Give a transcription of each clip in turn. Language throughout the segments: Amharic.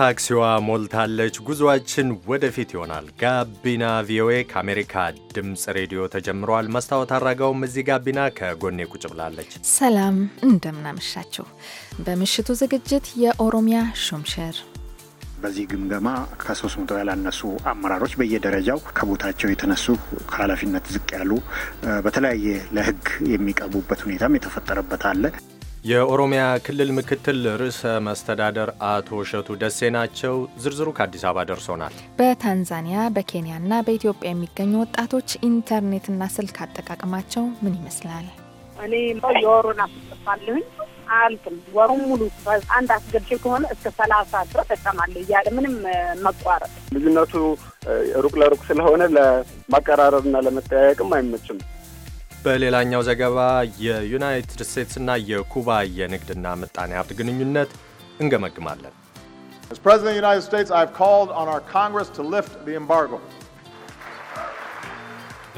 ታክሲዋ ሞልታለች። ጉዞአችን ወደፊት ይሆናል። ጋቢና ቪኦኤ ከአሜሪካ ድምፅ ሬዲዮ ተጀምሯል። መስታወት አድራጋውም እዚህ ጋቢና ከጎኔ ቁጭ ብላለች። ሰላም እንደምናመሻችሁ። በምሽቱ ዝግጅት የኦሮሚያ ሹምሽር በዚህ ግምገማ ከ300 ያላነሱ አመራሮች በየደረጃው ከቦታቸው የተነሱ ከኃላፊነት ዝቅ ያሉ በተለያየ ለሕግ የሚቀርቡበት ሁኔታም የተፈጠረበት አለ። የኦሮሚያ ክልል ምክትል ርዕሰ መስተዳደር አቶ እሸቱ ደሴ ናቸው። ዝርዝሩ ከአዲስ አበባ ደርሶናል። በታንዛኒያ በኬንያና በኢትዮጵያ የሚገኙ ወጣቶች ኢንተርኔትና ስልክ አጠቃቀማቸው ምን ይመስላል? እኔ የወሩን አስጠፋለሁኝ አልትም ወሩን ሙሉ አንድ አስገብቼ ከሆነ እስከ ሰላሳ ድረስ እጠቀማለሁ እያለ ምንም መቋረጥ ልዩነቱ ሩቅ ለሩቅ ስለሆነ ለማቀራረብና ለመጠያየቅም አይመችም። በሌላኛው ዘገባ የዩናይትድ ስቴትስና የኩባ የንግድና ምጣኔ ሀብት ግንኙነት እንገመግማለን።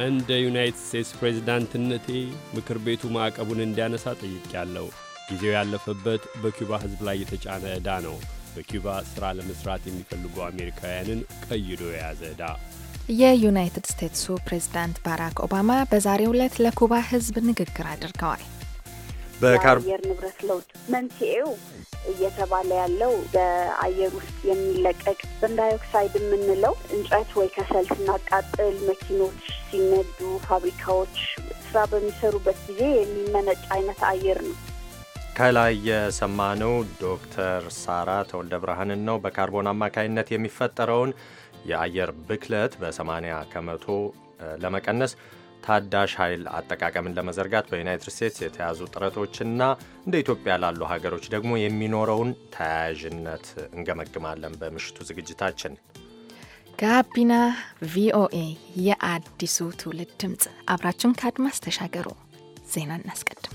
እንደ ዩናይትድ ስቴትስ ፕሬዝዳንትነቴ ምክር ቤቱ ማዕቀቡን እንዲያነሳ ጠይቄያለሁ። ጊዜው ያለፈበት በኩባ ሕዝብ ላይ የተጫነ ዕዳ ነው። በኩባ ሥራ ለመሥራት የሚፈልጉ አሜሪካውያንን ቀይዶ የያዘ ዕዳ የዩናይትድ ስቴትሱ ፕሬዝዳንት ባራክ ኦባማ በዛሬው ዕለት ለኩባ ህዝብ ንግግር አድርገዋል። የአየር ንብረት ለውጥ መንስኤው እየተባለ ያለው በአየር ውስጥ የሚለቀቅ በንዳይኦክሳይድ የምንለው እንጨት ወይ ከሰል ስናቃጥል፣ መኪኖች ሲነዱ፣ ፋብሪካዎች ስራ በሚሰሩበት ጊዜ የሚመነጭ አይነት አየር ነው። ከላይ የሰማነው ዶክተር ሳራ ተወልደ ብርሃንን ነው። በካርቦን አማካይነት የሚፈጠረውን የአየር ብክለት በ80 ከመቶ ለመቀነስ ታዳሽ ኃይል አጠቃቀምን ለመዘርጋት በዩናይትድ ስቴትስ የተያዙ ጥረቶችና እንደ ኢትዮጵያ ላሉ ሀገሮች ደግሞ የሚኖረውን ተያያዥነት እንገመግማለን በምሽቱ ዝግጅታችን። ጋቢና ቪኦኤ የአዲሱ ትውልድ ድምፅ፣ አብራችን ከአድማስ ተሻገሩ። ዜና እናስቀድም።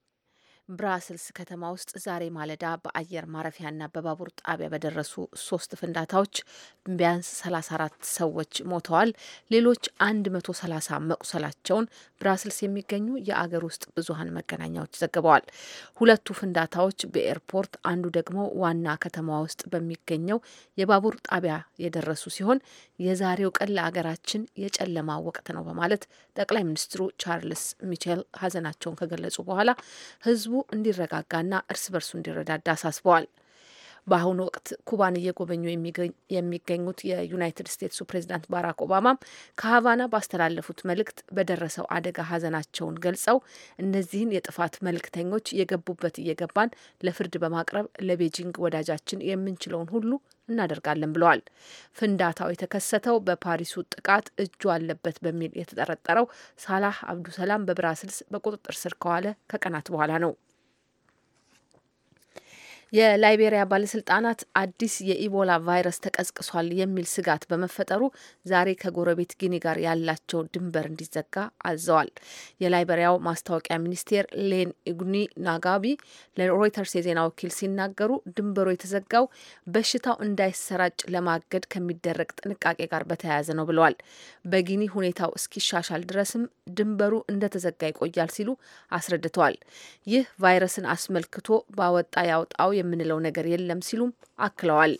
ብራስልስ ከተማ ውስጥ ዛሬ ማለዳ በአየር ማረፊያና በባቡር ጣቢያ በደረሱ ሶስት ፍንዳታዎች ቢያንስ 34 ሰዎች ሞተዋል፣ ሌሎች 130 መቁሰላቸውን ብራስልስ የሚገኙ የአገር ውስጥ ብዙሀን መገናኛዎች ዘግበዋል። ሁለቱ ፍንዳታዎች በኤርፖርት አንዱ ደግሞ ዋና ከተማ ውስጥ በሚገኘው የባቡር ጣቢያ የደረሱ ሲሆን የዛሬው ቀን ለአገራችን የጨለማ ወቅት ነው በማለት ጠቅላይ ሚኒስትሩ ቻርልስ ሚቼል ሀዘናቸውን ከገለጹ በኋላ ህዝቡ እንዲረጋጋና እርስ በርሱ እንዲረዳዳ አሳስበዋል። በአሁኑ ወቅት ኩባን እየጎበኙ የሚገኙት የዩናይትድ ስቴትሱ ፕሬዚዳንት ባራክ ኦባማ ከሀቫና ባስተላለፉት መልእክት በደረሰው አደጋ ሀዘናቸውን ገልጸው እነዚህን የጥፋት መልእክተኞች የገቡበት እየገባን ለፍርድ በማቅረብ ለቤጂንግ ወዳጃችን የምንችለውን ሁሉ እናደርጋለን ብለዋል። ፍንዳታው የተከሰተው በፓሪሱ ጥቃት እጁ አለበት በሚል የተጠረጠረው ሳላህ አብዱሰላም በብራስልስ በቁጥጥር ስር ከዋለ ከቀናት በኋላ ነው። የላይቤሪያ ባለስልጣናት አዲስ የኢቦላ ቫይረስ ተቀስቅሷል የሚል ስጋት በመፈጠሩ ዛሬ ከጎረቤት ጊኒ ጋር ያላቸው ድንበር እንዲዘጋ አዘዋል። የላይቤሪያው ማስታወቂያ ሚኒስቴር ሌን ኢጉኒ ናጋቢ ለሮይተርስ የዜና ወኪል ሲናገሩ ድንበሩ የተዘጋው በሽታው እንዳይሰራጭ ለማገድ ከሚደረግ ጥንቃቄ ጋር በተያያዘ ነው ብለዋል። በጊኒ ሁኔታው እስኪሻሻል ድረስም ድንበሩ እንደተዘጋ ይቆያል ሲሉ አስረድተዋል። ይህ ቫይረስን አስመልክቶ ባወጣ ያውጣው የምንለው ነገር የለም ሲሉም አክለዋል።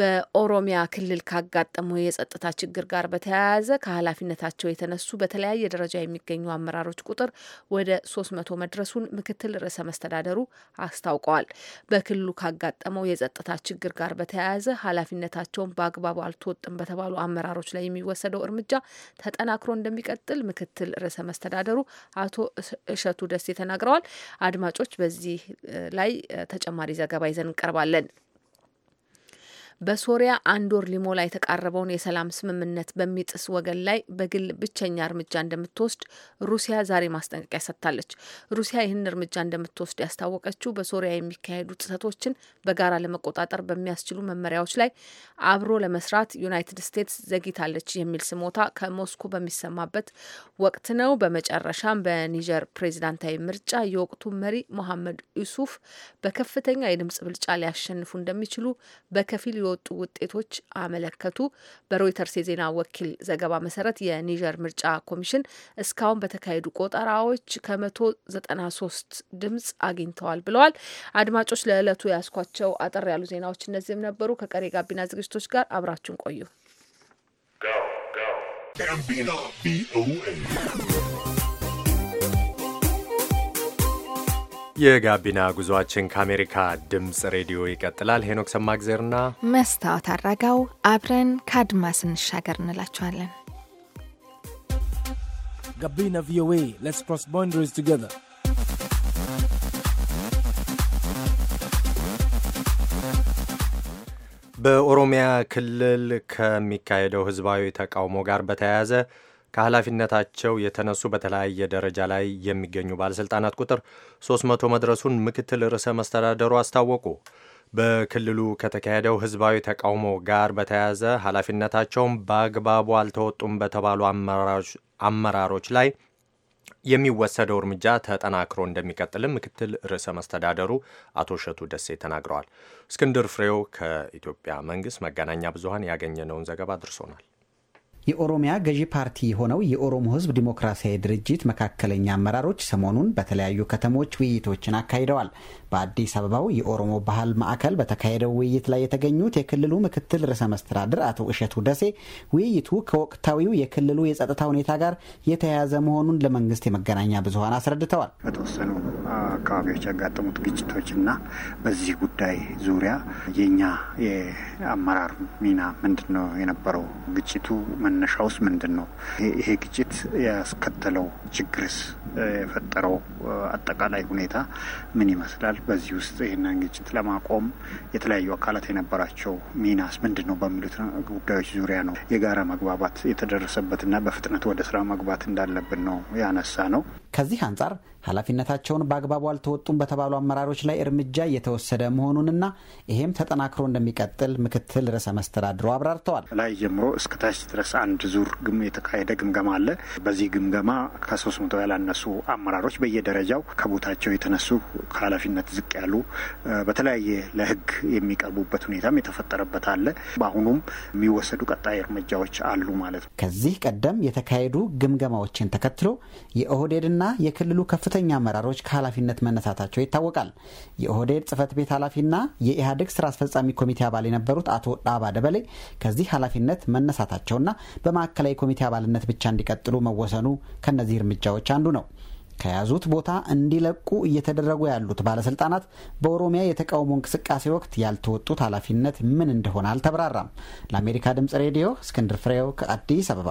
በኦሮሚያ ክልል ካጋጠመው የጸጥታ ችግር ጋር በተያያዘ ከኃላፊነታቸው የተነሱ በተለያየ ደረጃ የሚገኙ አመራሮች ቁጥር ወደ ሶስት መቶ መድረሱን ምክትል ርዕሰ መስተዳደሩ አስታውቀዋል። በክልሉ ካጋጠመው የጸጥታ ችግር ጋር በተያያዘ ኃላፊነታቸውን በአግባቡ አልተወጥም በተባሉ አመራሮች ላይ የሚወሰደው እርምጃ ተጠናክሮ እንደሚቀጥል ምክትል ርዕሰ መስተዳደሩ አቶ እሸቱ ደሴ ተናግረዋል። አድማጮች፣ በዚህ ላይ ተጨማሪ ዘገባ ይዘን እንቀርባለን። በሶሪያ አንድ ወር ሊሞላ የተቃረበውን የሰላም ስምምነት በሚጥስ ወገን ላይ በግል ብቸኛ እርምጃ እንደምትወስድ ሩሲያ ዛሬ ማስጠንቀቂያ ሰጥታለች። ሩሲያ ይህን እርምጃ እንደምትወስድ ያስታወቀችው በሶሪያ የሚካሄዱ ጥሰቶችን በጋራ ለመቆጣጠር በሚያስችሉ መመሪያዎች ላይ አብሮ ለመስራት ዩናይትድ ስቴትስ ዘግይታለች የሚል ስሞታ ከሞስኮ በሚሰማበት ወቅት ነው። በመጨረሻም በኒጀር ፕሬዚዳንታዊ ምርጫ የወቅቱ መሪ ሞሐመድ ዩሱፍ በከፍተኛ የድምጽ ብልጫ ሊያሸንፉ እንደሚችሉ በከፊል የወጡ ውጤቶች አመለከቱ። በሮይተርስ የዜና ወኪል ዘገባ መሰረት የኒጀር ምርጫ ኮሚሽን እስካሁን በተካሄዱ ቆጠራዎች ከመቶ ዘጠና ሶስት ድምጽ አግኝተዋል ብለዋል። አድማጮች ለዕለቱ ያስኳቸው አጠር ያሉ ዜናዎች እነዚህም ነበሩ። ከቀሪ ጋቢና ዝግጅቶች ጋር አብራችሁን ቆዩ። የጋቢና ጉዟችን ከአሜሪካ ድምፅ ሬዲዮ ይቀጥላል። ሄኖክ ሰማግዜርና መስታወት አራጋው አብረን ከአድማስ እንሻገር እንላችኋለን። ጋቢና ቪኦኤ ሌትስ ክሮስ ቦንደሪስ ቱጌዘር በኦሮሚያ ክልል ከሚካሄደው ህዝባዊ ተቃውሞ ጋር በተያያዘ ከኃላፊነታቸው የተነሱ በተለያየ ደረጃ ላይ የሚገኙ ባለሥልጣናት ቁጥር 300 መድረሱን ምክትል ርዕሰ መስተዳደሩ አስታወቁ። በክልሉ ከተካሄደው ሕዝባዊ ተቃውሞ ጋር በተያያዘ ኃላፊነታቸውን በአግባቡ አልተወጡም በተባሉ አመራሮች ላይ የሚወሰደው እርምጃ ተጠናክሮ እንደሚቀጥልም ምክትል ርዕሰ መስተዳደሩ አቶ እሸቱ ደሴ ተናግረዋል። እስክንድር ፍሬው ከኢትዮጵያ መንግስት መገናኛ ብዙኃን ያገኘነውን ዘገባ አድርሶናል። የኦሮሚያ ገዢ ፓርቲ የሆነው የኦሮሞ ሕዝብ ዲሞክራሲያዊ ድርጅት መካከለኛ አመራሮች ሰሞኑን በተለያዩ ከተሞች ውይይቶችን አካሂደዋል። በአዲስ አበባው የኦሮሞ ባህል ማዕከል በተካሄደው ውይይት ላይ የተገኙት የክልሉ ምክትል ርዕሰ መስተዳድር አቶ እሸቱ ደሴ ውይይቱ ከወቅታዊው የክልሉ የጸጥታ ሁኔታ ጋር የተያያዘ መሆኑን ለመንግስት የመገናኛ ብዙሀን አስረድተዋል። በተወሰኑ አካባቢዎች ያጋጠሙት ግጭቶችና በዚህ ጉዳይ ዙሪያ የኛ አመራር ሚና ምንድን ነው የነበረው? ግጭቱ መነሻውስ ምንድን ነው? ይሄ ግጭት ያስከተለው ችግርስ የፈጠረው አጠቃላይ ሁኔታ ምን ይመስላል? በዚህ ውስጥ ይህንን ግጭት ለማቆም የተለያዩ አካላት የነበራቸው ሚናስ ምንድን ነው በሚሉት ጉዳዮች ዙሪያ ነው የጋራ መግባባት የተደረሰበትና በፍጥነት ወደ ስራ መግባት እንዳለብን ነው ያነሳ ነው። ከዚህ አንጻር ኃላፊነታቸውን በአግባቡ አልተወጡም በተባሉ አመራሮች ላይ እርምጃ እየተወሰደ መሆኑንና ይሄም ተጠናክሮ እንደሚቀጥል ምክትል ርዕሰ መስተዳድሩ አብራርተዋል። ላይ ጀምሮ እስከ ታች ድረስ አንድ ዙር ግም የተካሄደ ግምገማ አለ። በዚህ ግምገማ ከሶስት መቶ ያላነሱ አመራሮች በየደረጃው ከቦታቸው የተነሱ ከኃላፊነት ዝቅ ያሉ በተለያየ ለህግ የሚቀርቡበት ሁኔታም የተፈጠረበት አለ። በአሁኑም የሚወሰዱ ቀጣይ እርምጃዎች አሉ ማለት ነው። ከዚህ ቀደም የተካሄዱ ግምገማዎችን ተከትሎ የኦህዴድና የክልሉ ከፍተኛ አመራሮች ከኃላፊነት መነሳታቸው ይታወቃል። የኦህዴድ ጽህፈት ቤት ኃላፊና የኢህአዴግ ስራ አስፈጻሚ ኮሚቴ አባል የነበሩ የነበሩት አቶ ዳባ ደበሌ ከዚህ ኃላፊነት መነሳታቸውና በማዕከላዊ ኮሚቴ አባልነት ብቻ እንዲቀጥሉ መወሰኑ ከእነዚህ እርምጃዎች አንዱ ነው። ከያዙት ቦታ እንዲለቁ እየተደረጉ ያሉት ባለስልጣናት በኦሮሚያ የተቃውሞ እንቅስቃሴ ወቅት ያልተወጡት ኃላፊነት ምን እንደሆነ አልተብራራም። ለአሜሪካ ድምጽ ሬዲዮ እስክንድር ፍሬው ከአዲስ አበባ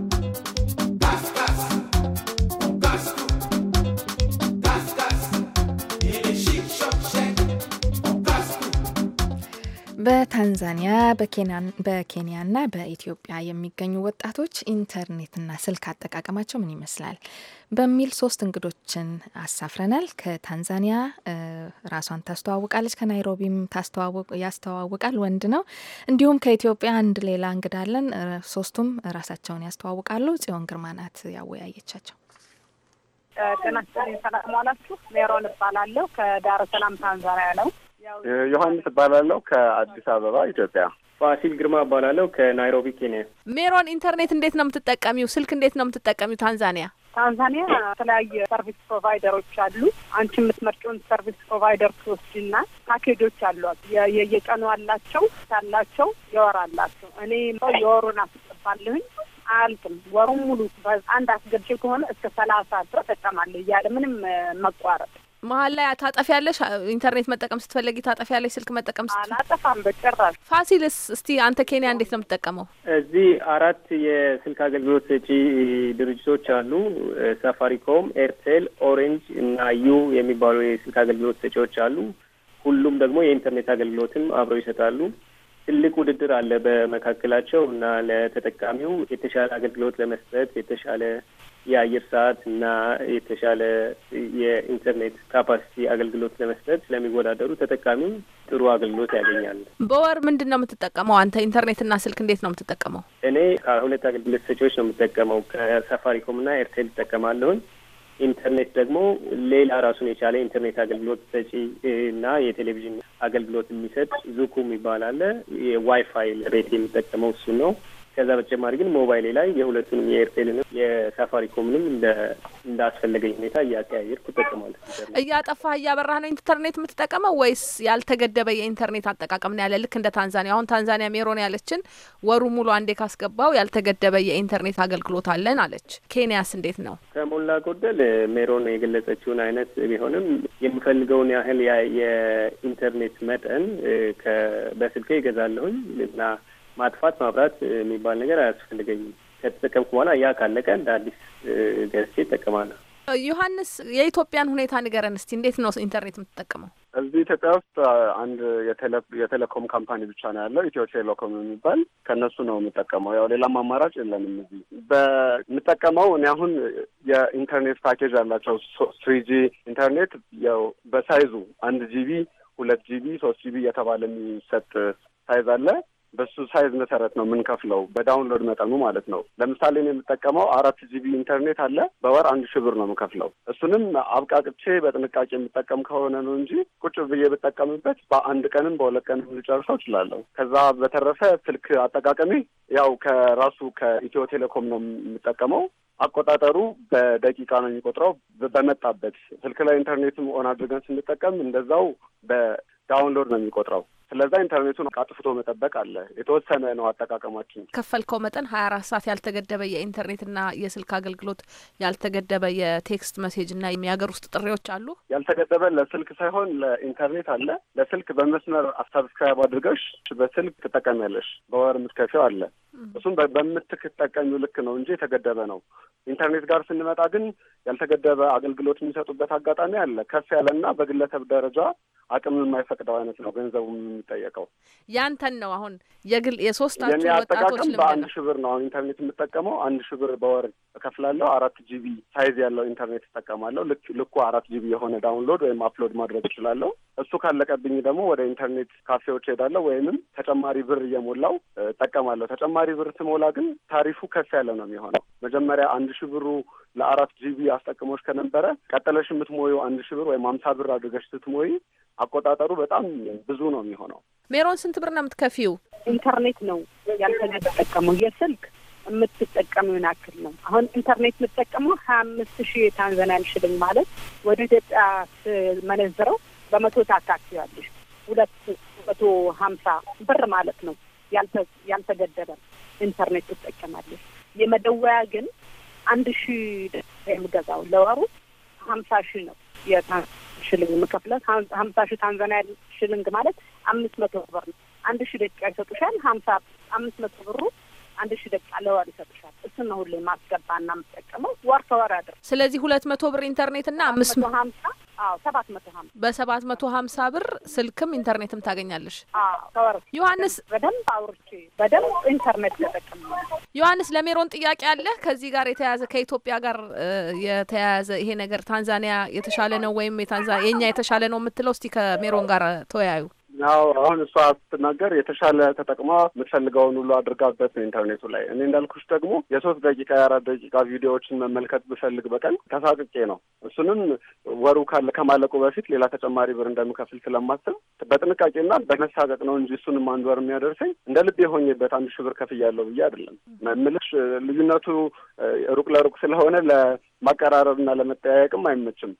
በታንዛኒያ ና በኢትዮጵያ የሚገኙ ወጣቶች ኢንተርኔትና ስልክ አጠቃቀማቸው ምን ይመስላል በሚል ሶስት እንግዶችን አሳፍረናል። ከታንዛኒያ ራሷን ታስተዋውቃለች፣ ከናይሮቢም ያስተዋውቃል ወንድ ነው። እንዲሁም ከኢትዮጵያ አንድ ሌላ እንግዳለን አለን። ሶስቱም ራሳቸውን ያስተዋውቃሉ። ጽዮን ግርማ ናት ያወያየቻቸው። ጤና ሰላም ዋላችሁ። ሜሮን እባላለሁ ከዳረሰላም ታንዛኒያ ነው። ዮሐንስ እባላለሁ ከአዲስ አበባ ኢትዮጵያ። ፋሲል ግርማ እባላለሁ ከናይሮቢ ኬንያ። ሜሮን ኢንተርኔት እንዴት ነው የምትጠቀሚው? ስልክ እንዴት ነው የምትጠቀሚው? ታንዛኒያ ታንዛኒያ የተለያየ ሰርቪስ ፕሮቫይደሮች አሉ። አንቺ የምትመርጭውን ሰርቪስ ፕሮቫይደር ትወስድና ፓኬጆች አሏት። የየቀኑ አላቸው ታላቸው የወር አላቸው። እኔ የወሩን አስጠባለሁኝ አያልቅም። ወሩን ሙሉ አንድ አስገብቼ ከሆነ እስከ ሰላሳ ድረስ እጠቀማለሁ እያለ ምንም መቋረጥ መሀል ላይ ያለሽ ኢንተርኔት መጠቀም ስትፈለጊ ያለሽ ስልክ መጠቀም አላጠፋም በጭራሽ። ፋሲልስ፣ እስቲ አንተ ኬንያ እንዴት ነው የምትጠቀመው? እዚህ አራት የስልክ አገልግሎት ሰጪ ድርጅቶች አሉ። ሳፋሪኮም፣ ኤርቴል፣ ኦሬንጅ እና ዩ የሚባሉ የስልክ አገልግሎት ሰጪዎች አሉ። ሁሉም ደግሞ የኢንተርኔት አገልግሎትም አብረው ይሰጣሉ። ትልቅ ውድድር አለ በመካከላቸው እና ለተጠቃሚው የተሻለ አገልግሎት ለመስጠት የተሻለ የአየር ሰዓት እና የተሻለ የኢንተርኔት ካፓሲቲ አገልግሎት ለመስጠት ስለሚወዳደሩ ተጠቃሚው ጥሩ አገልግሎት ያገኛል። በወር ምንድን ነው የምትጠቀመው አንተ? ኢንተርኔትና ስልክ እንዴት ነው የምትጠቀመው? እኔ ከሁለት አገልግሎት ሰጪዎች ነው የምጠቀመው። እና ኤርቴል ይጠቀማለሁኝ። ኢንተርኔት ደግሞ ሌላ ራሱን የቻለ ኢንተርኔት አገልግሎት ሰጪ እና የቴሌቪዥን አገልግሎት የሚሰጥ ዙኩም ይባላል። የዋይፋይ ቤት የሚጠቀመው እሱ ነው። ከዛ በተጨማሪ ግን ሞባይሌ ላይ የሁለቱንም የኤርቴልንም የሳፋሪኮምንም እንዳስፈለገኝ ሁኔታ እያቀያየርኩ እጠቀማለሁ። እያጠፋህ እያበራህ ነው ኢንተርኔት የምትጠቀመው ወይስ ያልተገደበ የኢንተርኔት አጠቃቀም ነው ያለ? ልክ እንደ ታንዛኒያ። አሁን ታንዛኒያ ሜሮን ያለችን ወሩ ሙሉ አንዴ ካስገባው ያልተገደበ የኢንተርኔት አገልግሎት አለን አለች። ኬንያስ እንዴት ነው? ከሞላ ጎደል ሜሮን የገለጸችውን አይነት ቢሆንም የምፈልገውን ያህል የኢንተርኔት መጠን በስልኬ ይገዛለሁኝ እና ማጥፋት ማብራት የሚባል ነገር አያስፈልገኝም። ከተጠቀምኩ በኋላ ያ ካለቀ እንደ አዲስ ገዝቼ እጠቀማለሁ። ዮሐንስ፣ የኢትዮጵያን ሁኔታ ንገረን እስቲ። እንዴት ነው ኢንተርኔት የምትጠቀመው? እዚህ ኢትዮጵያ ውስጥ አንድ የቴሌኮም ካምፓኒ ብቻ ነው ያለው ኢትዮ ቴሌኮም የሚባል ከእነሱ ነው የምጠቀመው። ያው ሌላም አማራጭ የለንም። እዚህ በምጠቀመው እኔ አሁን የኢንተርኔት ፓኬጅ ያላቸው ትሪ ጂ ኢንተርኔት ያው በሳይዙ አንድ ጂቢ ሁለት ጂቢ ሶስት ጂቢ እየተባለ የሚሰጥ ሳይዝ አለ። በሱ ሳይዝ መሰረት ነው የምንከፍለው፣ በዳውንሎድ መጠኑ ማለት ነው። ለምሳሌ ነው የምጠቀመው አራት ጂቢ ኢንተርኔት አለ። በወር አንድ ሺህ ብር ነው የምከፍለው። እሱንም አብቃቅቼ በጥንቃቄ የምጠቀም ከሆነ ነው እንጂ ቁጭ ብዬ ብጠቀምበት በአንድ ቀንም በሁለት ቀንም ልጨርሰው እችላለሁ። ከዛ በተረፈ ስልክ አጠቃቀሜ ያው ከራሱ ከኢትዮ ቴሌኮም ነው የምጠቀመው አቆጣጠሩ በደቂቃ ነው የሚቆጥረው። በመጣበት ስልክ ላይ ኢንተርኔትም ኦን አድርገን ስንጠቀም እንደዛው በዳውንሎድ ነው የሚቆጥረው። ስለዛ ኢንተርኔቱን አጥፍቶ መጠበቅ አለ። የተወሰነ ነው አጠቃቀማችን። ከፈልከው መጠን ሀያ አራት ሰዓት ያልተገደበ የኢንተርኔትና የስልክ አገልግሎት ያልተገደበ የቴክስት መሴጅና የሀገር ውስጥ ጥሪዎች አሉ። ያልተገደበ ለስልክ ሳይሆን ለኢንተርኔት አለ። ለስልክ በመስመር ሰብስክራይብ አድርገሽ በስልክ ትጠቀሚያለሽ። በወር የምትከፊው አለ። እሱም በምትጠቀሚው ልክ ነው እንጂ የተገደበ ነው። ኢንተርኔት ጋር ስንመጣ ግን ያልተገደበ አገልግሎት የሚሰጡበት አጋጣሚ አለ። ከፍ ያለና በግለሰብ ደረጃ አቅም የማይፈቅደው አይነት ነው ገንዘቡም የሚጠየቀው ያንተን ነው። አሁን የግል የሶስታችሁ ወጣቶች ልምድ በአንድ ሺህ ብር ነው አሁን ኢንተርኔት የምጠቀመው አንድ ሺህ ብር በወር እከፍላለሁ። አራት ጂቢ ሳይዝ ያለው ኢንተርኔት እጠቀማለሁ። ልክ ልኩ አራት ጂቢ የሆነ ዳውንሎድ ወይም አፕሎድ ማድረግ እችላለሁ። እሱ ካለቀብኝ ደግሞ ወደ ኢንተርኔት ካፌዎች ሄዳለሁ ወይም ተጨማሪ ብር እየሞላው እጠቀማለሁ። ተጨማሪ ብር ስሞላ ግን ታሪፉ ከፍ ያለ ነው የሚሆነው። መጀመሪያ አንድ ሺህ ብሩ ለአራት ጂቢ አስጠቅሞች ከነበረ ቀጠለሽ የምትሞዩ አንድ ሺ ብር ወይም አምሳ ብር አድርገሽ ስትሞይ አቆጣጠሩ በጣም ብዙ ነው የሚሆነው። ሜሮን ስንት ብር ነው የምትከፊው? ኢንተርኔት ነው ያልተጠቀመው የስልክ የምትጠቀመውን ያክል ነው። አሁን ኢንተርኔት የምትጠቀመው ሀያ አምስት ሺህ ታንዛኒያን ሽልንግ ማለት ወደ ኢትዮጵያ ስመነዝረው በመቶ ታካክያለሽ ሁለት መቶ ሀምሳ ብር ማለት ነው። ያልተገደበ ኢንተርኔት ትጠቀማለች። የመደወያ ግን አንድ ሺ የምገዛው ለወሩ ሀምሳ ሺ ነው ሽልንግ የምከፍለት። ሀምሳ ሺ ታንዛኒያ ሽልንግ ማለት አምስት መቶ ብር ነው። አንድ ሺ ደቂቃ ይሰጡሻል። ሀምሳ አምስት መቶ ብሩ አንድ ሺ ደቂቃ ለወር ይሰጥሻል። እሱን ነው ሁሌ ማስገባ ና የምጠቀመው ወር ከወር አድር ስለዚህ ሁለት መቶ ብር ኢንተርኔት ና አምስት መቶ ሀምሳ አዎ ሰባት መቶ ሀምሳ በሰባት መቶ ሀምሳ ብር ስልክም ኢንተርኔትም ታገኛለሽ። ከወር ዮሐንስ በደንብ አውርቼ በደንብ ኢንተርኔት ተጠቅም። ዮሐንስ ለሜሮን ጥያቄ አለ ከዚህ ጋር የተያያዘ ከኢትዮጵያ ጋር የተያያዘ ይሄ ነገር ታንዛኒያ የተሻለ ነው ወይም የኛ የተሻለ ነው የምትለው እስቲ ከሜሮን ጋር ተወያዩ። ያው አሁን እሷ ስትናገር የተሻለ ተጠቅማ የምትፈልገውን ሁሉ አድርጋበት ነው ኢንተርኔቱ ላይ። እኔ እንዳልኩሽ ደግሞ የሶስት ደቂቃ የአራት ደቂቃ ቪዲዮዎችን መመልከት ብፈልግ በቀን ተሳቅቄ ነው። እሱንም ወሩ ካለ ከማለቁ በፊት ሌላ ተጨማሪ ብር እንደምከፍል ስለማስብ በጥንቃቄና በመሳቀቅ ነው እንጂ እሱንም አንድ ወር የሚያደርሰኝ እንደ ልብ የሆኝበት አንድ ሺህ ብር ከፍያለሁ ብዬ አይደለም ምልሽ። ልዩነቱ ሩቅ ለሩቅ ስለሆነ ለማቀራረብና ለመጠያየቅም አይመችም።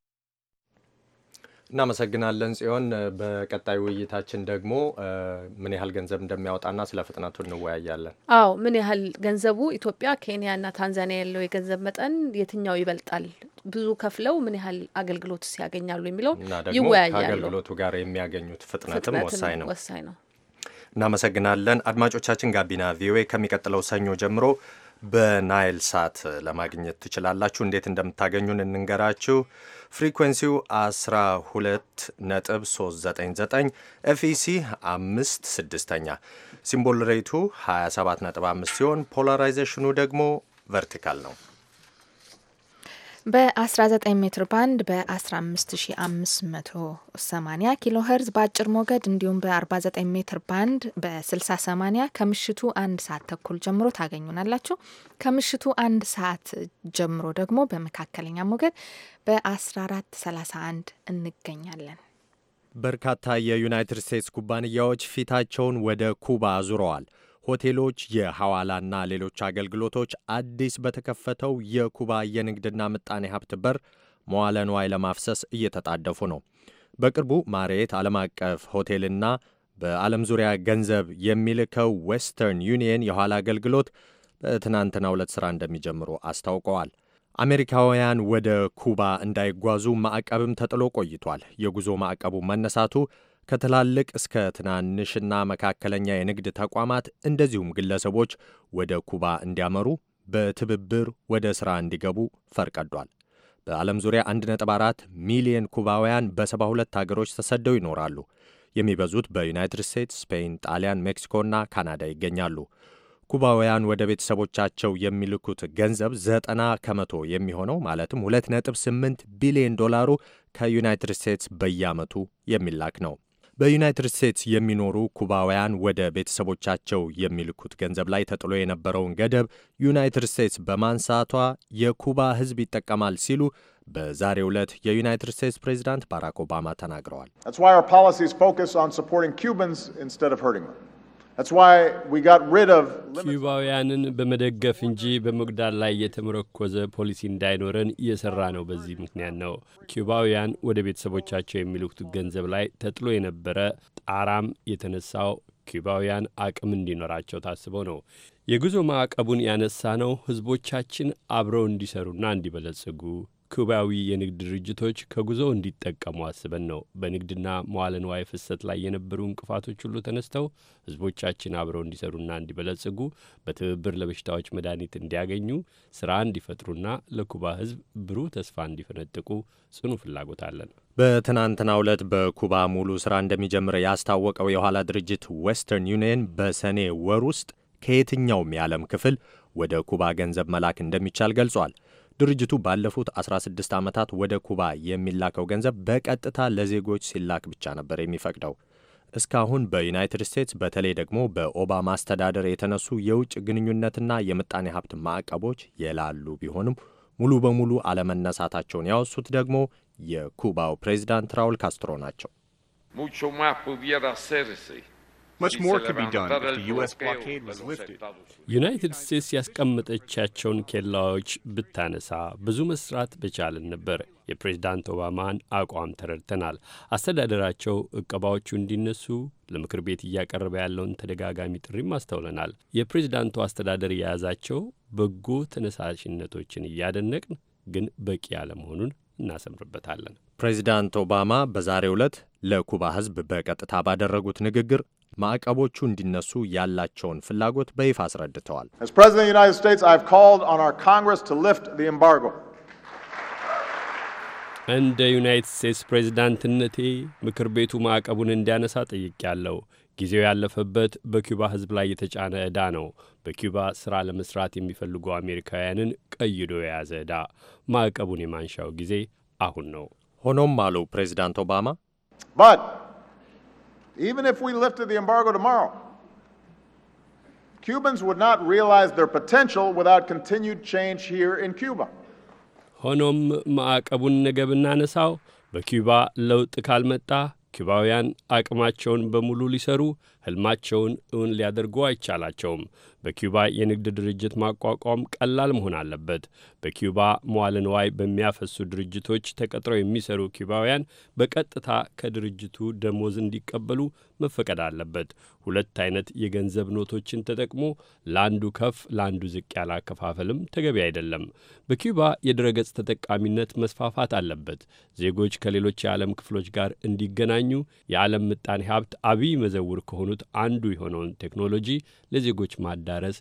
እናመሰግናለን ጽዮን። በቀጣይ ውይይታችን ደግሞ ምን ያህል ገንዘብ እንደሚያወጣና ስለ ፍጥነቱ እንወያያለን። አዎ ምን ያህል ገንዘቡ ኢትዮጵያ፣ ኬንያና ታንዛኒያ ያለው የገንዘብ መጠን የትኛው ይበልጣል፣ ብዙ ከፍለው ምን ያህል አገልግሎት ያገኛሉ የሚለው ይወያያሉ። ከአገልግሎቱ ጋር የሚያገኙት ፍጥነትም ወሳኝ ነው ወሳኝ ነው። እናመሰግናለን አድማጮቻችን። ጋቢና ቪኦኤ ከሚቀጥለው ሰኞ ጀምሮ በናይል ሳት ለማግኘት ትችላላችሁ። እንዴት እንደምታገኙን እንንገራችሁ። ፍሪኩዌንሲው 12 ነጥብ 399 ኤፍኢሲ 5 ስድስተኛ ሲምቦል ሬቱ 27 ነጥብ 5 ሲሆን ፖላራይዜሽኑ ደግሞ ቨርቲካል ነው። በ19 ሜትር ባንድ በ15580 ኪሎ ሄርዝ በአጭር ሞገድ እንዲሁም በ49 ሜትር ባንድ በ6080 ከምሽቱ አንድ ሰዓት ተኩል ጀምሮ ታገኙናላችሁ። ከምሽቱ አንድ ሰዓት ጀምሮ ደግሞ በመካከለኛ ሞገድ በ1431 እንገኛለን። በርካታ የዩናይትድ ስቴትስ ኩባንያዎች ፊታቸውን ወደ ኩባ አዙረዋል። ሆቴሎች፣ የሐዋላና ሌሎች አገልግሎቶች አዲስ በተከፈተው የኩባ የንግድና ምጣኔ ሀብት በር መዋለ ንዋይ ለማፍሰስ እየተጣደፉ ነው። በቅርቡ ማሬት ዓለም አቀፍ ሆቴልና በዓለም ዙሪያ ገንዘብ የሚልከው ዌስተርን ዩኒየን የኋላ አገልግሎት በትናንትና ሁለት ሥራ እንደሚጀምሩ አስታውቀዋል። አሜሪካውያን ወደ ኩባ እንዳይጓዙ ማዕቀብም ተጥሎ ቆይቷል። የጉዞ ማዕቀቡ መነሳቱ ከትላልቅ እስከ ትናንሽና መካከለኛ የንግድ ተቋማት እንደዚሁም ግለሰቦች ወደ ኩባ እንዲያመሩ በትብብር ወደ ሥራ እንዲገቡ ፈርቀዷል። በዓለም ዙሪያ 1.4 ሚሊዮን ኩባውያን በሰባ ሁለት አገሮች ተሰደው ይኖራሉ። የሚበዙት በዩናይትድ ስቴትስ፣ ስፔን፣ ጣሊያን፣ ሜክሲኮና ካናዳ ይገኛሉ። ኩባውያን ወደ ቤተሰቦቻቸው የሚልኩት ገንዘብ ዘጠና ከመቶ የሚሆነው ማለትም 2.8 ቢሊዮን ዶላሩ ከዩናይትድ ስቴትስ በየዓመቱ የሚላክ ነው። በዩናይትድ ስቴትስ የሚኖሩ ኩባውያን ወደ ቤተሰቦቻቸው የሚልኩት ገንዘብ ላይ ተጥሎ የነበረውን ገደብ ዩናይትድ ስቴትስ በማንሳቷ የኩባ ሕዝብ ይጠቀማል ሲሉ በዛሬ ዕለት የዩናይትድ ስቴትስ ፕሬዚዳንት ባራክ ኦባማ ተናግረዋል። ኪዩባውያንን በመደገፍ እንጂ በመጉዳት ላይ የተመረኮዘ ፖሊሲ እንዳይኖረን እየሰራ ነው። በዚህ ምክንያት ነው ኪዩባውያን ወደ ቤተሰቦቻቸው የሚልኩት ገንዘብ ላይ ተጥሎ የነበረ ጣራም የተነሳው ኪዩባውያን አቅም እንዲኖራቸው ታስበው ነው። የጉዞ ማዕቀቡን ያነሳ ነው ህዝቦቻችን አብረው እንዲሰሩና እንዲበለጽጉ ኩባዊ የንግድ ድርጅቶች ከጉዞው እንዲጠቀሙ አስበን ነው። በንግድና መዋለ ንዋይ ፍሰት ላይ የነበሩ እንቅፋቶች ሁሉ ተነስተው ህዝቦቻችን አብረው እንዲሰሩና እንዲበለጽጉ በትብብር ለበሽታዎች መድኃኒት እንዲያገኙ ስራ እንዲፈጥሩና ለኩባ ህዝብ ብሩህ ተስፋ እንዲፈነጥቁ ጽኑ ፍላጎት አለን። በትናንትናው ዕለት በኩባ ሙሉ ስራ እንደሚጀምር ያስታወቀው የኋላ ድርጅት ዌስተርን ዩኒየን በሰኔ ወር ውስጥ ከየትኛውም የዓለም ክፍል ወደ ኩባ ገንዘብ መላክ እንደሚቻል ገልጿል። ድርጅቱ ባለፉት 16 ዓመታት ወደ ኩባ የሚላከው ገንዘብ በቀጥታ ለዜጎች ሲላክ ብቻ ነበር የሚፈቅደው። እስካሁን በዩናይትድ ስቴትስ በተለይ ደግሞ በኦባማ አስተዳደር የተነሱ የውጭ ግንኙነትና የምጣኔ ሀብት ማዕቀቦች የላሉ ቢሆንም ሙሉ በሙሉ አለመነሳታቸውን ያወሱት ደግሞ የኩባው ፕሬዚዳንት ራውል ካስትሮ ናቸው። ዩናይትድ ስቴትስ ያስቀመጠቻቸውን ኬላዎች ብታነሳ ብዙ መስራት በቻልን ነበር። የፕሬዝዳንት ኦባማን አቋም ተረድተናል። አስተዳደራቸው እቀባዎቹ እንዲነሱ ለምክር ቤት እያቀረበ ያለውን ተደጋጋሚ ጥሪም አስተውለናል። የፕሬዝዳንቱ አስተዳደር የያዛቸው በጎ ተነሳሽነቶችን እያደነቅን ግን በቂ ያለመሆኑን እናሰምርበታለን። ፕሬዚዳንት ኦባማ በዛሬው ዕለት ለኩባ ሕዝብ በቀጥታ ባደረጉት ንግግር ማዕቀቦቹ እንዲነሱ ያላቸውን ፍላጎት በይፋ አስረድተዋል። እንደ ዩናይትድ ስቴትስ ፕሬዚዳንትነቴ ምክር ቤቱ ማዕቀቡን እንዲያነሳ ጠይቄያለሁ። ጊዜው ያለፈበት በኪዩባ ሕዝብ ላይ የተጫነ ዕዳ ነው። በኪዩባ ሥራ ለመሥራት የሚፈልጉ አሜሪካውያንን ቀይዶ የያዘ ዕዳ። ማዕቀቡን የማንሻው ጊዜ አሁን ነው። ሆኖም አሉ ፕሬዚዳንት ኦባማ Even if we lifted the embargo tomorrow, Cubans would not realize their potential without continued change here in Cuba. ሆኖም ማዕቀቡን ነገ ብናነሳው በኪውባ ለውጥ ካልመጣ ኪውባውያን አቅማቸውን በሙሉ ሊሰሩ ህልማቸውን እውን ሊያደርጉ አይቻላቸውም። በኪዩባ የንግድ ድርጅት ማቋቋም ቀላል መሆን አለበት። በኪዩባ መዋለ ንዋይ በሚያፈሱ ድርጅቶች ተቀጥረው የሚሰሩ ኪዩባውያን በቀጥታ ከድርጅቱ ደሞዝ እንዲቀበሉ መፈቀድ አለበት። ሁለት አይነት የገንዘብ ኖቶችን ተጠቅሞ ለአንዱ ከፍ ለአንዱ ዝቅ ያለ አከፋፈልም ተገቢ አይደለም። በኪዩባ የድረገጽ ተጠቃሚነት መስፋፋት አለበት። ዜጎች ከሌሎች የዓለም ክፍሎች ጋር እንዲገናኙ የዓለም ምጣኔ ሀብት አብይ መዘውር ከሆኑ ከሚባሉት አንዱ የሆነውን ቴክኖሎጂ ለዜጎች ማዳረስ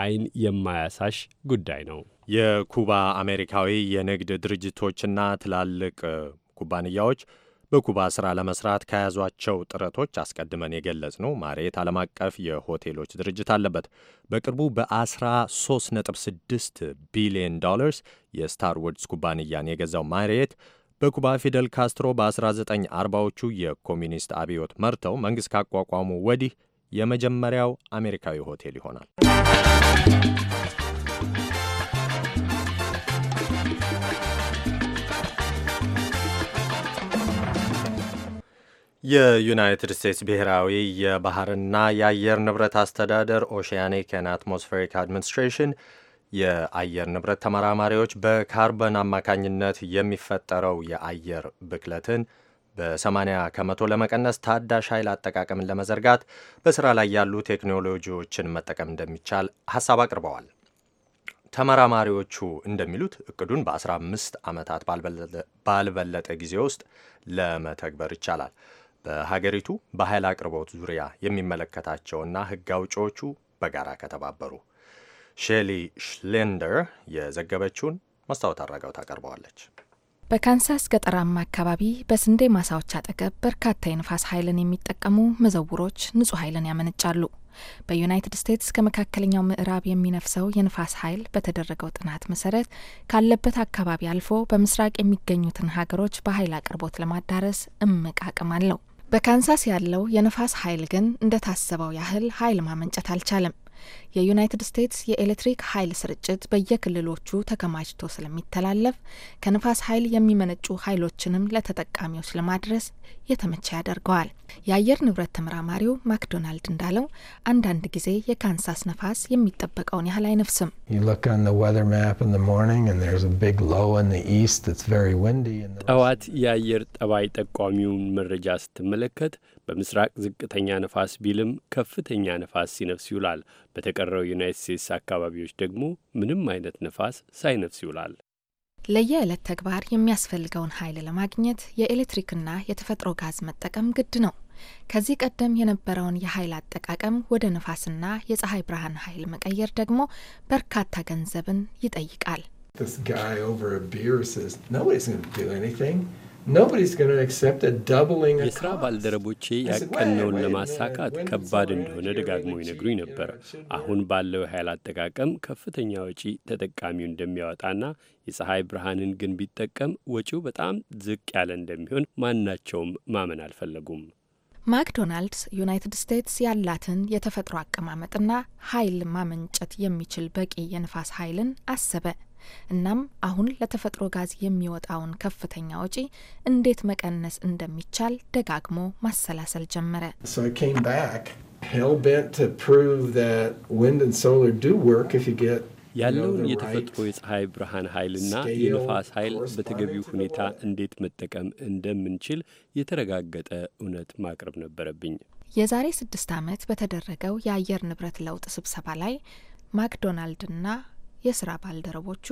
አይን የማያሳሽ ጉዳይ ነው። የኩባ አሜሪካዊ የንግድ ድርጅቶችና ትላልቅ ኩባንያዎች በኩባ ስራ ለመስራት ከያዟቸው ጥረቶች አስቀድመን የገለጽ ነው ማሬት ዓለም አቀፍ የሆቴሎች ድርጅት አለበት። በቅርቡ በ13.6 ቢሊዮን ዶላርስ የስታር ኩባንያን የገዛው ማሬት በኩባ ፊደል ካስትሮ በ1940ዎቹ የኮሚኒስት አብዮት መርተው መንግሥት ካቋቋሙ ወዲህ የመጀመሪያው አሜሪካዊ ሆቴል ይሆናል። የዩናይትድ ስቴትስ ብሔራዊ የባህርና የአየር ንብረት አስተዳደር ኦሽያኒክ ኤንድ አትሞስፌሪክ አድሚኒስትሬሽን የአየር ንብረት ተመራማሪዎች በካርበን አማካኝነት የሚፈጠረው የአየር ብክለትን በ80 ከመቶ ለመቀነስ ታዳሽ ኃይል አጠቃቀምን ለመዘርጋት በስራ ላይ ያሉ ቴክኖሎጂዎችን መጠቀም እንደሚቻል ሀሳብ አቅርበዋል። ተመራማሪዎቹ እንደሚሉት እቅዱን በ15 ዓመታት ባልበለጠ ጊዜ ውስጥ ለመተግበር ይቻላል። በሀገሪቱ በኃይል አቅርቦት ዙሪያ የሚመለከታቸውና ሕግ አውጪዎቹ በጋራ ከተባበሩ ሼሊ ሽሌንደር የዘገበችውን መስታወት አድራጋው ታቀርበዋለች። በካንሳስ ገጠራማ አካባቢ በስንዴ ማሳዎች አጠገብ በርካታ የንፋስ ኃይልን የሚጠቀሙ መዘውሮች ንጹህ ኃይልን ያመነጫሉ። በዩናይትድ ስቴትስ ከመካከለኛው ምዕራብ የሚነፍሰው የንፋስ ኃይል በተደረገው ጥናት መሰረት ካለበት አካባቢ አልፎ በምስራቅ የሚገኙትን ሀገሮች በኃይል አቅርቦት ለማዳረስ እምቅ አቅም አለው። በካንሳስ ያለው የንፋስ ኃይል ግን እንደታሰበው ያህል ኃይል ማመንጨት አልቻለም። የዩናይትድ ስቴትስ የኤሌክትሪክ ኃይል ስርጭት በየክልሎቹ ተከማችቶ ስለሚተላለፍ ከንፋስ ኃይል የሚመነጩ ኃይሎችንም ለተጠቃሚዎች ለማድረስ የተመቸ ያደርገዋል። የአየር ንብረት ተመራማሪው ማክዶናልድ እንዳለው አንዳንድ ጊዜ የካንሳስ ነፋስ የሚጠበቀውን ያህል አይነፍስም። ጠዋት የአየር ጠባይ ጠቋሚውን መረጃ ስትመለከት በምስራቅ ዝቅተኛ ነፋስ ቢልም ከፍተኛ ነፋስ ሲነፍስ ይውላል። በቀረው ዩናይት ስቴትስ አካባቢዎች ደግሞ ምንም አይነት ነፋስ ሳይነፍስ ይውላል። ለየዕለት ተግባር የሚያስፈልገውን ኃይል ለማግኘት የኤሌክትሪክና የተፈጥሮ ጋዝ መጠቀም ግድ ነው። ከዚህ ቀደም የነበረውን የኃይል አጠቃቀም ወደ ነፋስና የፀሐይ ብርሃን ኃይል መቀየር ደግሞ በርካታ ገንዘብን ይጠይቃል። የስራ ባልደረቦቼ ያቀነውን ለማሳካት ከባድ እንደሆነ ደጋግሞ ይነግሩኝ ነበር። አሁን ባለው የኃይል አጠቃቀም ከፍተኛ ወጪ ተጠቃሚው እንደሚያወጣና የፀሐይ ብርሃንን ግን ቢጠቀም ወጪው በጣም ዝቅ ያለ እንደሚሆን ማናቸውም ማመን አልፈለጉም። ማክዶናልድስ ዩናይትድ ስቴትስ ያላትን የተፈጥሮ አቀማመጥና ኃይል ማመንጨት የሚችል በቂ የንፋስ ኃይልን አሰበ። እናም አሁን ለተፈጥሮ ጋዝ የሚወጣውን ከፍተኛ ወጪ እንዴት መቀነስ እንደሚቻል ደጋግሞ ማሰላሰል ጀመረ። ያለውን የተፈጥሮ የፀሐይ ብርሃን ኃይልና የንፋስ ኃይል በተገቢው ሁኔታ እንዴት መጠቀም እንደምንችል የተረጋገጠ እውነት ማቅረብ ነበረብኝ። የዛሬ ስድስት ዓመት በተደረገው የአየር ንብረት ለውጥ ስብሰባ ላይ ማክዶናልድና የስራ ባልደረቦቹ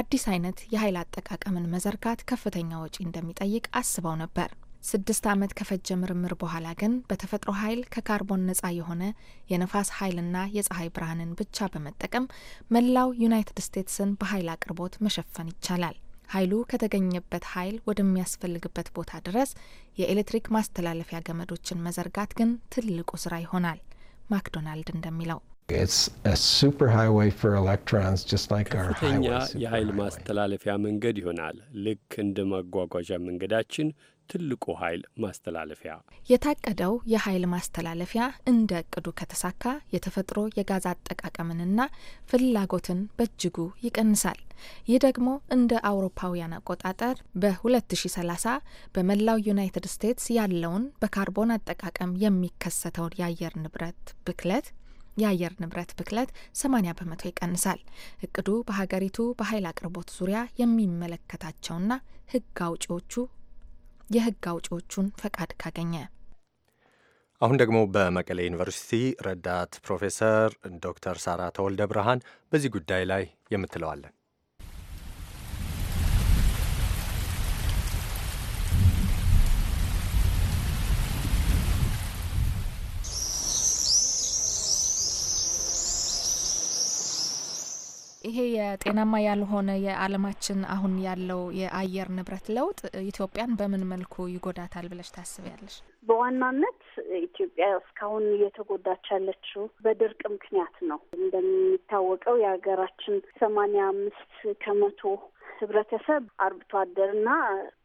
አዲስ አይነት የኃይል አጠቃቀምን መዘርጋት ከፍተኛ ወጪ እንደሚጠይቅ አስበው ነበር። ስድስት ዓመት ከፈጀ ምርምር በኋላ ግን በተፈጥሮ ኃይል ከካርቦን ነጻ የሆነ የነፋስ ኃይልና የፀሐይ ብርሃንን ብቻ በመጠቀም መላው ዩናይትድ ስቴትስን በኃይል አቅርቦት መሸፈን ይቻላል። ኃይሉ ከተገኘበት ኃይል ወደሚያስፈልግበት ቦታ ድረስ የኤሌክትሪክ ማስተላለፊያ ገመዶችን መዘርጋት ግን ትልቁ ስራ ይሆናል። ማክዶናልድ እንደሚለው It's a superhighway for electrons just like our ከፍተኛ የኃይል ማስተላለፊያ መንገድ ይሆናል። ልክ እንደ መጓጓዣ መንገዳችን ትልቁ ኃይል ማስተላለፊያ። የታቀደው የኃይል ማስተላለፊያ እንደ እቅዱ ከተሳካ የተፈጥሮ የጋዝ አጠቃቀምንና ፍላጎትን በእጅጉ ይቀንሳል። ይህ ደግሞ እንደ አውሮፓውያን አቆጣጠር በ2030 በመላው ዩናይትድ ስቴትስ ያለውን በካርቦን አጠቃቀም የሚከሰተውን የአየር ንብረት ብክለት የአየር ንብረት ብክለት 80 በመቶ ይቀንሳል። እቅዱ በሀገሪቱ በኃይል አቅርቦት ዙሪያ የሚመለከታቸውና ህግ አውጪዎቹ የህግ አውጪዎቹን ፈቃድ ካገኘ። አሁን ደግሞ በመቀሌ ዩኒቨርሲቲ ረዳት ፕሮፌሰር ዶክተር ሳራ ተወልደ ብርሃን በዚህ ጉዳይ ላይ የምትለዋለን ይሄ የጤናማ ያልሆነ የዓለማችን አሁን ያለው የአየር ንብረት ለውጥ ኢትዮጵያን በምን መልኩ ይጎዳታል ብለሽ ታስቢያለሽ? በዋናነት ኢትዮጵያ እስካሁን እየተጎዳች ያለችው በድርቅ ምክንያት ነው። እንደሚታወቀው የሀገራችን ሰማንያ አምስት ከመቶ ህብረተሰብ አርብቶ አደርና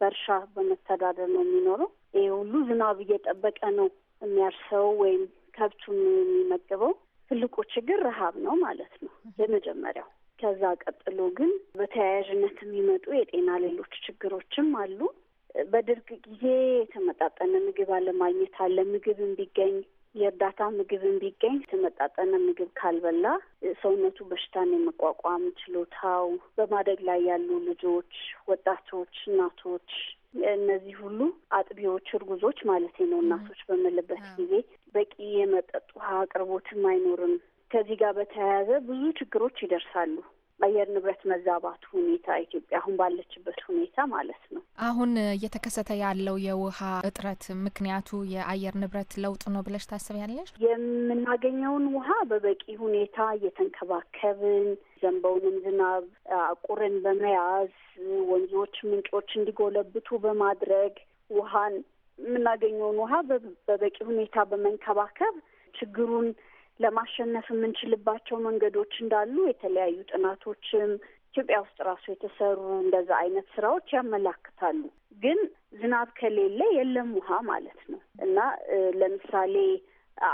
በእርሻ በመተዳደር ነው የሚኖረው። ይሄ ሁሉ ዝናብ እየጠበቀ ነው የሚያርሰው ወይም ከብቱን የሚመግበው። ትልቁ ችግር ረሀብ ነው ማለት ነው የመጀመሪያው። ከዛ ቀጥሎ ግን በተያያዥነት የሚመጡ የጤና ሌሎች ችግሮችም አሉ። በድርቅ ጊዜ የተመጣጠነ ምግብ አለማግኘት አለ። ምግብም ቢገኝ የእርዳታ ምግብ ቢገኝ የተመጣጠነ ምግብ ካልበላ ሰውነቱ በሽታን የመቋቋም ችሎታው በማደግ ላይ ያሉ ልጆች፣ ወጣቶች፣ እናቶች እነዚህ ሁሉ አጥቢዎች፣ እርጉዞች ማለት ነው። እናቶች በምልበት ጊዜ በቂ የመጠጥ ውሃ አቅርቦትም አይኖርም። ከዚህ ጋር በተያያዘ ብዙ ችግሮች ይደርሳሉ። አየር ንብረት መዛባት ሁኔታ ኢትዮጵያ አሁን ባለችበት ሁኔታ ማለት ነው። አሁን እየተከሰተ ያለው የውሃ እጥረት ምክንያቱ የአየር ንብረት ለውጥ ነው ብለሽ ታስቢያለሽ? የምናገኘውን ውሃ በበቂ ሁኔታ እየተንከባከብን ዘንበውንም ዝናብ አቁርን በመያዝ ወንዞች፣ ምንጮች እንዲጎለብቱ በማድረግ ውሃን የምናገኘውን ውሃ በበቂ ሁኔታ በመንከባከብ ችግሩን ለማሸነፍ የምንችልባቸው መንገዶች እንዳሉ የተለያዩ ጥናቶችም ኢትዮጵያ ውስጥ ራሱ የተሰሩ እንደዛ አይነት ስራዎች ያመላክታሉ። ግን ዝናብ ከሌለ የለም ውሃ ማለት ነው እና ለምሳሌ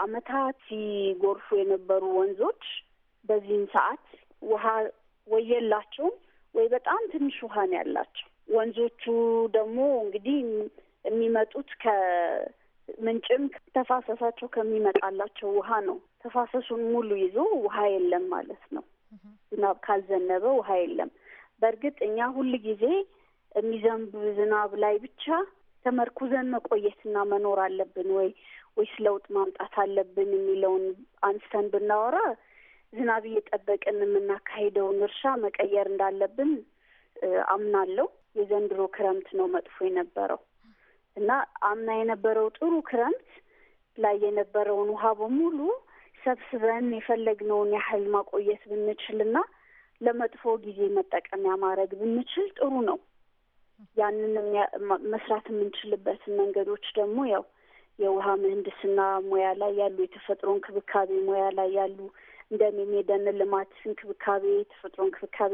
አመታት ሲጎርፉ የነበሩ ወንዞች በዚህም ሰዓት ውሃ ወይ የላቸውም ወይ በጣም ትንሽ ውሃ ነው ያላቸው። ወንዞቹ ደግሞ እንግዲህ የሚመጡት ከ ምንጭም ተፋሰሳቸው ከሚመጣላቸው ውሃ ነው። ተፋሰሱን ሙሉ ይዞ ውሃ የለም ማለት ነው። ዝናብ ካልዘነበ ውሃ የለም። በእርግጥ እኛ ሁል ጊዜ የሚዘንብ ዝናብ ላይ ብቻ ተመርኩዘን መቆየትና መኖር አለብን ወይ ወይስ ለውጥ ማምጣት አለብን የሚለውን አንስተን ብናወራ ዝናብ እየጠበቅን የምናካሄደውን እርሻ መቀየር እንዳለብን አምናለሁ። የዘንድሮ ክረምት ነው መጥፎ የነበረው። እና አምና የነበረው ጥሩ ክረምት ላይ የነበረውን ውሃ በሙሉ ሰብስበን የፈለግነውን ያህል ማቆየት ብንችልና ለመጥፎ ጊዜ መጠቀሚያ ማድረግ ብንችል ጥሩ ነው። ያንን መስራት የምንችልበትን መንገዶች ደግሞ ያው የውሃ ምህንድስና ሙያ ላይ ያሉ፣ የተፈጥሮ እንክብካቤ ሙያ ላይ ያሉ እንደኔም የደን ልማት እንክብካቤ፣ የተፈጥሮ እንክብካቤ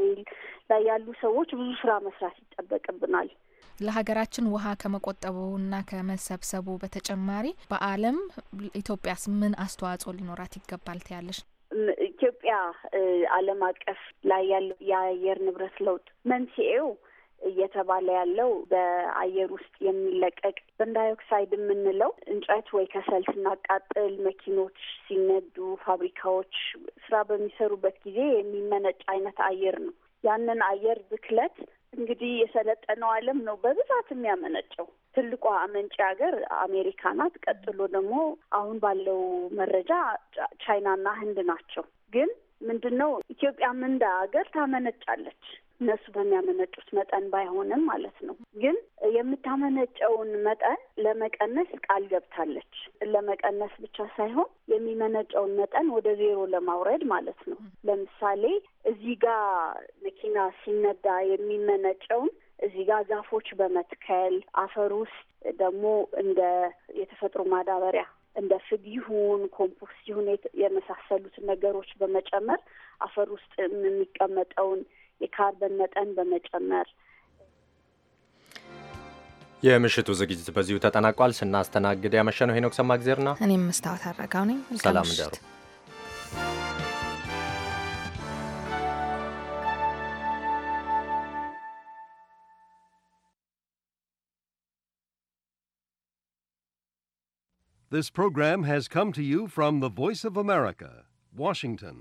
ላይ ያሉ ሰዎች ብዙ ስራ መስራት ይጠበቅብናል። ለሀገራችን ውሃ ከመቆጠቡና ከመሰብሰቡ በተጨማሪ በዓለም ኢትዮጵያስ ምን አስተዋጽኦ ሊኖራት ይገባል ትያለሽ? ኢትዮጵያ ዓለም አቀፍ ላይ ያለው የአየር ንብረት ለውጥ መንስኤው እየተባለ ያለው በአየር ውስጥ የሚለቀቅ በንዳይኦክሳይድ የምንለው እንጨት ወይ ከሰል ስናቃጥል፣ መኪኖች ሲነዱ፣ ፋብሪካዎች ስራ በሚሰሩበት ጊዜ የሚመነጭ አይነት አየር ነው። ያንን አየር ብክለት እንግዲህ የሰለጠነው ዓለም ነው በብዛት የሚያመነጨው። ትልቋ አመንጪ ሀገር አሜሪካ ናት። ቀጥሎ ደግሞ አሁን ባለው መረጃ ቻይናና ህንድ ናቸው። ግን ምንድን ነው ኢትዮጵያም እንደ ሀገር ታመነጫለች። እነሱ በሚያመነጩት መጠን ባይሆንም ማለት ነው። ግን የምታመነጨውን መጠን ለመቀነስ ቃል ገብታለች። ለመቀነስ ብቻ ሳይሆን የሚመነጨውን መጠን ወደ ዜሮ ለማውረድ ማለት ነው። ለምሳሌ እዚህ ጋር መኪና ሲነዳ የሚመነጨውን እዚህ ጋር ዛፎች በመትከል አፈር ውስጥ ደግሞ እንደ የተፈጥሮ ማዳበሪያ እንደ ፍግ ይሁን ኮምፖስት ይሁን የመሳሰሉትን ነገሮች በመጨመር አፈር ውስጥ የሚቀመጠውን የካርበን መጠን በመጨመር የምሽቱ ዝግጅት በዚሁ ተጠናቋል። ስናስተናግድ ያመሸነው ሄኖክ ሰማእግዜርና እኔም መስታወት አረጋው ነኝ። ሰላም ደሩ This program has come to you from the Voice of America, Washington.